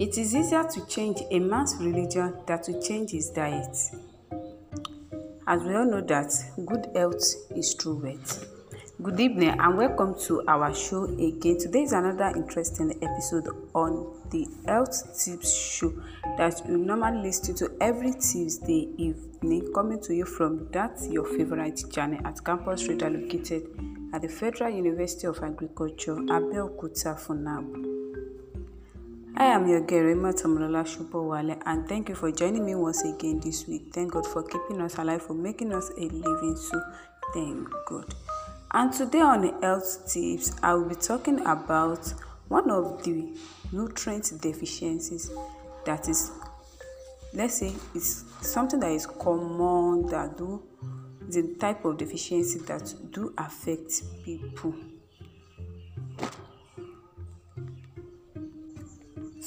It is easier to change a man's religion than to change his diet. As we all know that good health is true wealth. Good evening and welcome to our show again. Today is another interesting episode on the health tips show that we normally listen to every Tuesday evening coming to you from that your favorite channel at campus radio located at the Federal University of Agriculture, Abeokuta, now. I am your girl, Rema Tamalola and thank you for joining me once again this week. Thank God for keeping us alive, for making us a living soul. Thank God. And today on the Health Tips, I will be talking about one of the nutrient deficiencies that is, let's say, it's something that is common that do the type of deficiency that do affect people.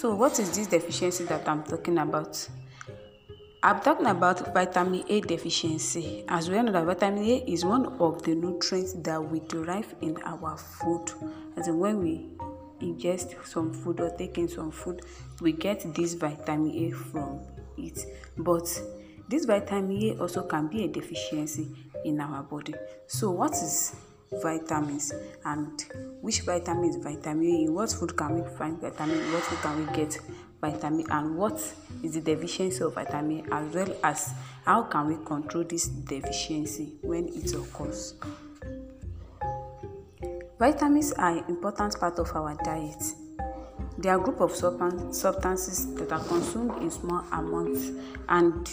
So what is this deficiency that I'm talking about? I'm talking about vitamin A deficiency. As we know that vitamin A is one of the nutrients that we derive in our food. As in when we ingest some food or take in some food, we get this vitamin A from it. But this vitamin A also can be a deficiency in our body. So what is vitamins and which vitamin is vitamin A what food can we find vitamin what food can we get vitamin and what is the deficiency of vitamin as well as how can we control this deficiency when it occurs. Vitamins are important part of our diet. They are group of substances that are consumed in small amounts and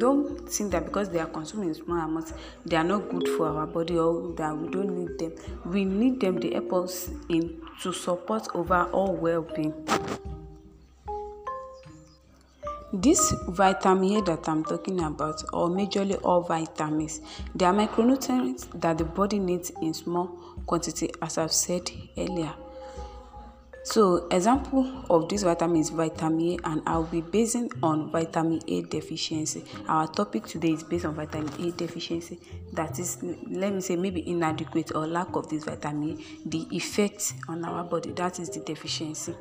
don't think that because they are consuming small amounts they are not good for our body or that we don't need them we need them they help us in to support overall well-being this vitamin a that i'm talking about or majorly all vitamins they are micronutrients that the body needs in small quantity as i've said earlier So example of this vitamin is vitamin A and I'll be basing on vitamin A deficiency. Our topic today is based on vitamin A deficiency that is let me say maybe inadequate or lack of this vitamin A, the effect on our body that is the deficiency.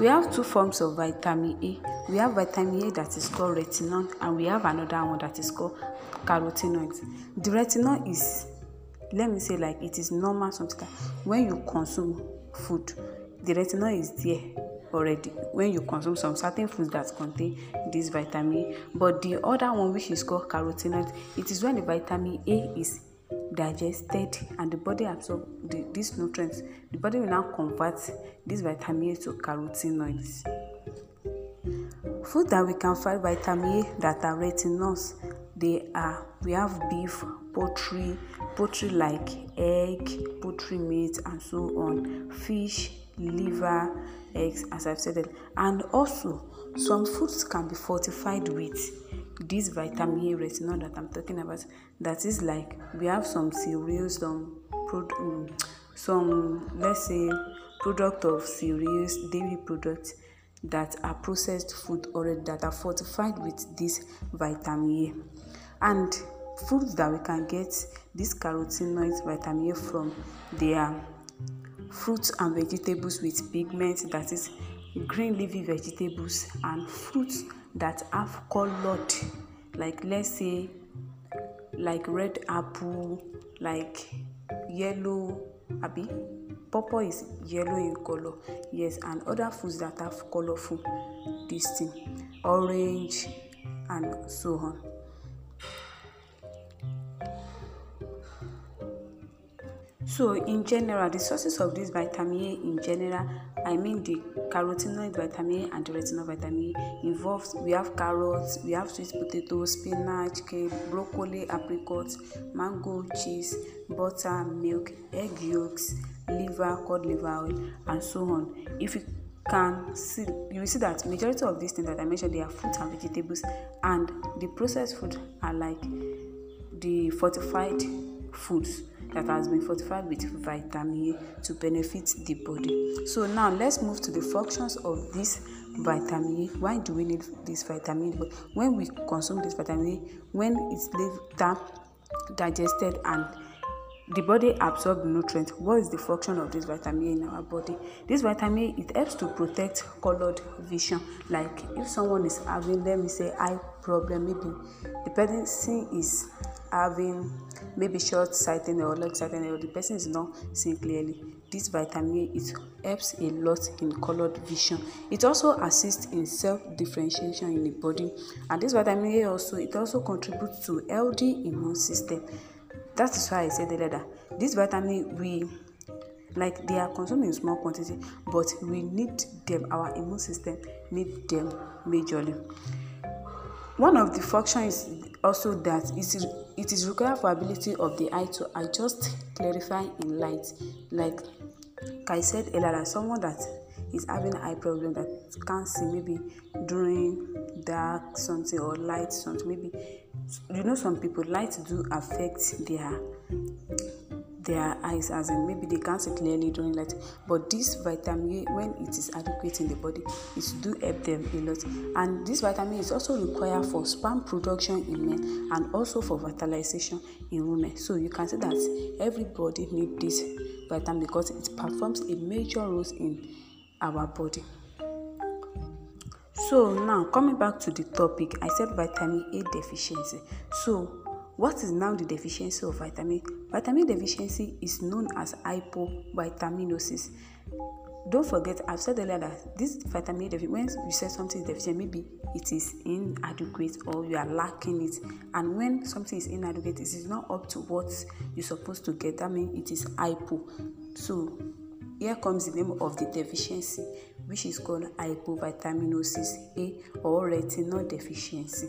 We have two forms of vitamin A. We have vitamin A that is called retinol and we have another one that is called carotenoids. The retinol is let me say like it is normal something that when you consume food the retinol is there already when you consume some certain foods that contain this vitamin but the other one which is called carotenoid it is when the vitamin a is digested and the body absorb the, these nutrients the body will now convert this vitamin a to carotenoids food that we can find vitamin a that are retinols they are we have beef poultry poultry like egg, poultry meat, and so on, fish, liver, eggs, as I've said. And also, some foods can be fortified with this vitamin A retinol that I'm talking about. That is like we have some cereals, some mm, some let's say product of cereals, dairy products that are processed food already that are fortified with this vitamin A. And fruits that we can get these carotenoids vitamin A from they are fruits and vegetables with pigment that is green leafy vegetables and fruits that have colored like let's say like red apple like yellow abi purple is yellow in color, yes and other foods that have colorful, this thing orange and so on So in general, the sources of this vitamin A in general, I mean the carotenoid vitamin A and the retinol vitamin A involves we have carrots, we have sweet potatoes, spinach, kale, broccoli, apricots, mango, cheese, butter, milk, egg yolks, liver, cod liver oil, and so on. If you can see you will see that majority of these things that I mentioned they are fruits and vegetables and the processed food are like the fortified foods that has been fortified with vitamin A to benefit the body. So now let's move to the functions of this vitamin A. Why do we need this vitamin A? When we consume this vitamin A, when it's later digested and the body absorbs nutrients. What is the function of this vitamin A in our body? This vitamin A, it helps to protect colored vision. Like if someone is having, let me say, eye problem, maybe the person is having maybe short sighted or long sighted or the person is not seeing clearly this vitamin a it helps a lot in colored vision it also assists in self differentiation in the body and this vitamin a also it also contributes to healthy immune system that is why i said earlier that this vitamin we like they are consumed in small quantity but we need them our immune system need them majorly one of the functions also that it is, it is required for ability of the eye to adjust, clarify in light. Like I said earlier, that someone that is having eye problem that can't see maybe during dark something or light something maybe you know some people light do affect their their eyes as in maybe they can't see clearly during light but this vitamin a when it is adequate in the body it do help them a lot and this vitamin is also required for sperm production in men and also for fertilization in women so you can see that everybody need this vitamin because it performs a major role in our body so now coming back to the topic i said vitamin a deficiency so What is now the deficiency of vitamin? Vitamin deficiency is known as hypovitaminosis. Don't forget, I've said earlier that this vitamin deficiency, when you say something is deficient, maybe it is inadequate or you are lacking it. And when something is inadequate, it is not up to what you're supposed to get. I mean, it is hypo. So here comes the name of the deficiency, which is called hypovitaminosis A or retinal deficiency.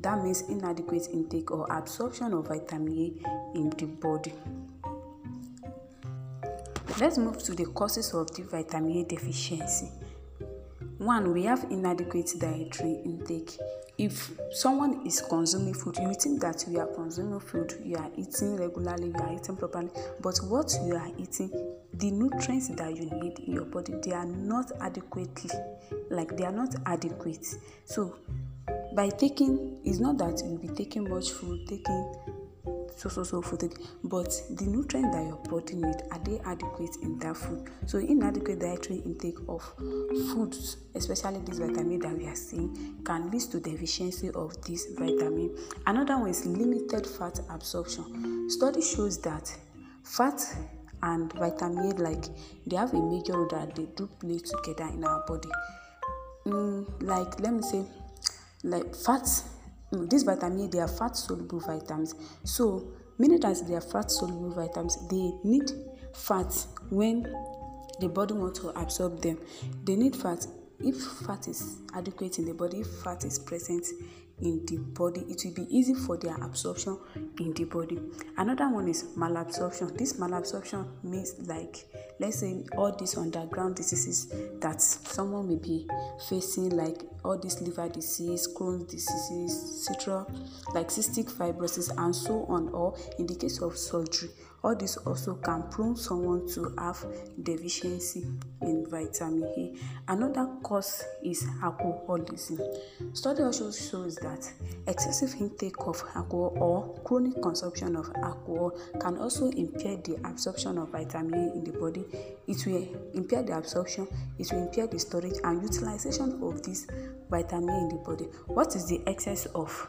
That means inadequate intake or absorption of vitamin A in the body. Let's move to the causes of the vitamin A deficiency. One, we have inadequate dietary intake. If someone is consuming food, you think that you are consuming food, you are eating regularly, you are eating properly, but what you are eating, the nutrients that you need in your body, they are not adequately, like they are not adequate. So by taking it's not that you'll be taking much food taking so so so food but the nutrients that your body need are they adequate in that food so inadequate dietary intake of foods especially this vitamin that we are seeing can lead to deficiency of this vitamin another one is limited fat absorption study shows that fat and vitamin a like they have a major role that they do play together in our body mm, like let me say like fats these vitamin A they are fat soluble vitamins so many times they are fat soluble vitamins they need fat when the body wants to absorb them they need fat if fat is adequate in the body if fat is present in the body it will be easy for their absorption in the body another one is malabsorption this malabsorption means like let's say all these underground diseases that someone may be facing like all these liver disease crohn's diseases citral like cystic fibrosis and so on or in the case of surgery all this also can prone someone to have deficiency in vitamin a e. another cause is alcoholism study also shows that excessive intake of alcohol or chronic consumption of alcohol can also impair the absorption of vitamin a e in the body it will impair the absorption it will impair the storage and utilization of this vitamin in the body. What is the excess of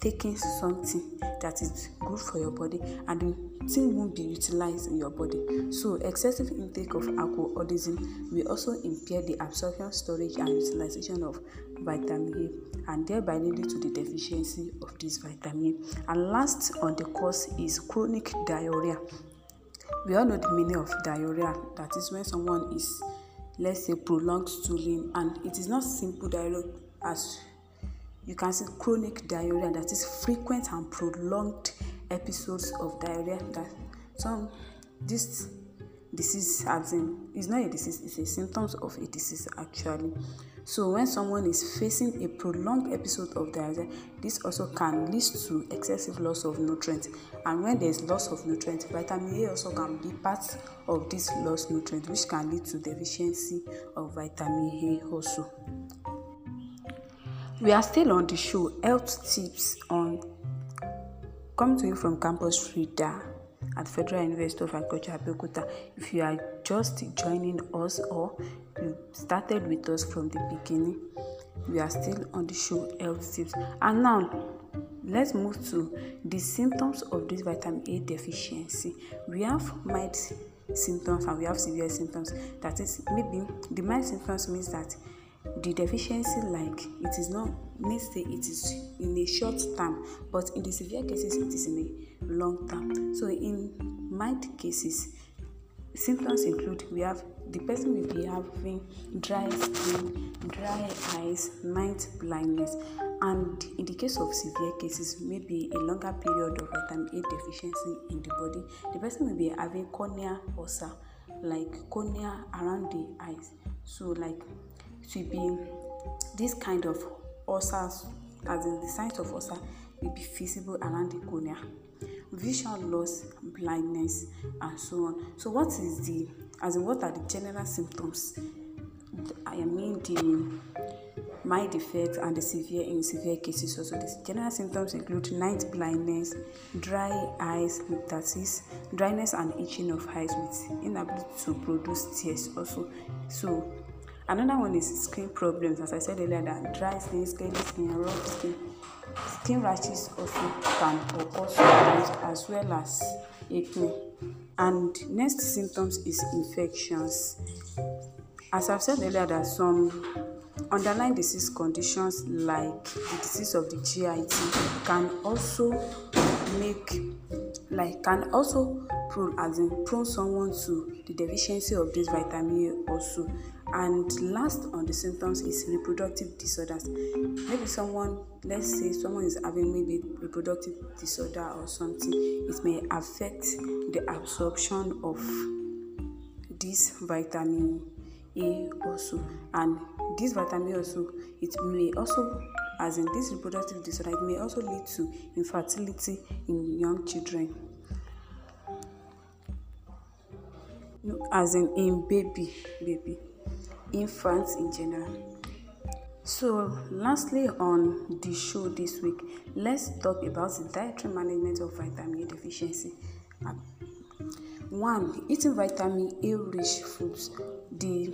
taking something that is good for your body and the thing won't be utilized in your body. So excessive intake of alcoholism will also impair the absorption, storage and utilization of vitamin A and thereby leading to the deficiency of this vitamin. And last on the course is chronic diarrhea. We all know the meaning of diarrhea that is when someone is let's say prolonged stooling and it is not simple diarrhea as you can see chronic diarrhea that is frequent and prolonged episodes of diarrhea that some this disease as in it's not a disease it's a symptoms of a disease actually So when someone is facing a prolonged episode of diarrhea, this also can lead to excessive loss of nutrients. And when there is loss of nutrients, vitamin A also can be part of this loss nutrient, which can lead to deficiency of vitamin A also. We are still on the show health tips on coming to you from campus reader at Federal University of Agriculture Abeokuta. If you are just joining us or you started with us from the beginning, we are still on the show health tips. And now let's move to the symptoms of this vitamin A deficiency. We have mild symptoms and we have severe symptoms. That is maybe the mild symptoms means that the deficiency like it is not may say it is in a short term, but in the severe cases it is in a long term. So in mild cases, symptoms include we have the person will be having dry skin, dry eyes, night blindness, and in the case of severe cases, maybe a longer period of vitamin A deficiency in the body, the person will be having cornea ulcer, like cornea around the eyes. So like to be this kind of ulcers, as in the signs of ulcer, will be visible around the cornea vision loss, blindness, and so on. So, what is the as in what are the general symptoms? I mean the mild effects and the severe in severe cases also the general symptoms include night blindness dry eyes that is dryness and itching of eyes with inability to produce tears also so another one is skin problems as i said earlier that dry skin scaly skin rough skin Skin rashes also can occur sometimes as well as acne. And next symptoms is infections. As I've said earlier that some underlying disease conditions like the disease of the GIT can also make like can also prone as in prone someone to the deficiency of this vitamin A also and last on the symptoms is reproductive disorders maybe someone let's say someone is having maybe reproductive disorder or something it may affect the absorption of this vitamin a also and this vitamin also it may also as in this reproductive disorder it may also lead to infertility in young children as in in baby baby infants in general. So, lastly, on the show this week, let's talk about the dietary management of vitamin A deficiency. One, eating vitamin A rich foods. The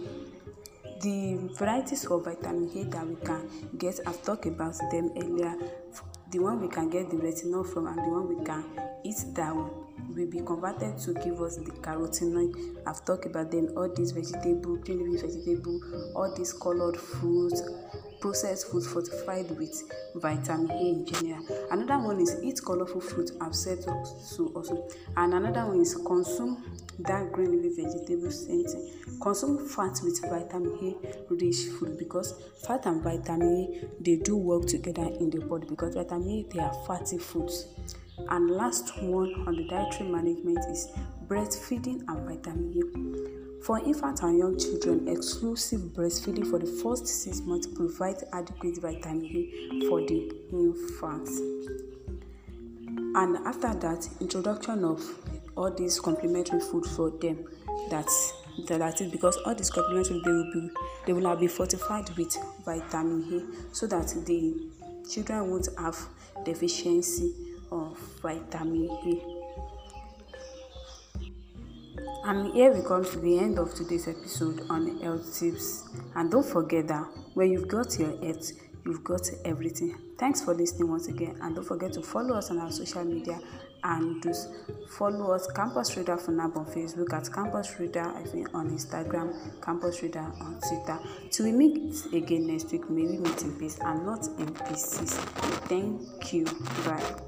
the varieties of vitamin A that we can get, I've talked about them earlier. The one we can get the retinol from and the one we can eat that will will be converted to give us the carotenoid i've talked about them all these vegetable green leafy vegetable all these colored fruits processed food fortified with vitamin A in general. Another one is eat colorful fruit I've said so also. And another one is consume that green leafy vegetable scenting. Consume fat with vitamin A rich food because fat and vitamin A they do work together in the body because vitamin A they are fatty foods. And last one on the dietary management is breastfeeding and vitamin E. For infants and young children, exclusive breastfeeding for the first six months provides adequate vitamin E for the infants. And after that, introduction of all these complementary food for them. That's that is because all these complementary they will be they will have been fortified with vitamin A so that the children won't have deficiency of vitamin A. And here we come to the end of today's episode on health tips. And don't forget that when you've got your health, you've got everything. Thanks for listening once again, and don't forget to follow us on our social media and just follow us Campus Reader for now on Facebook at Campus Reader I think on Instagram, Campus Reader on Twitter. Till we meet again next week, maybe we meet in peace and not in pieces. Thank you. Bye.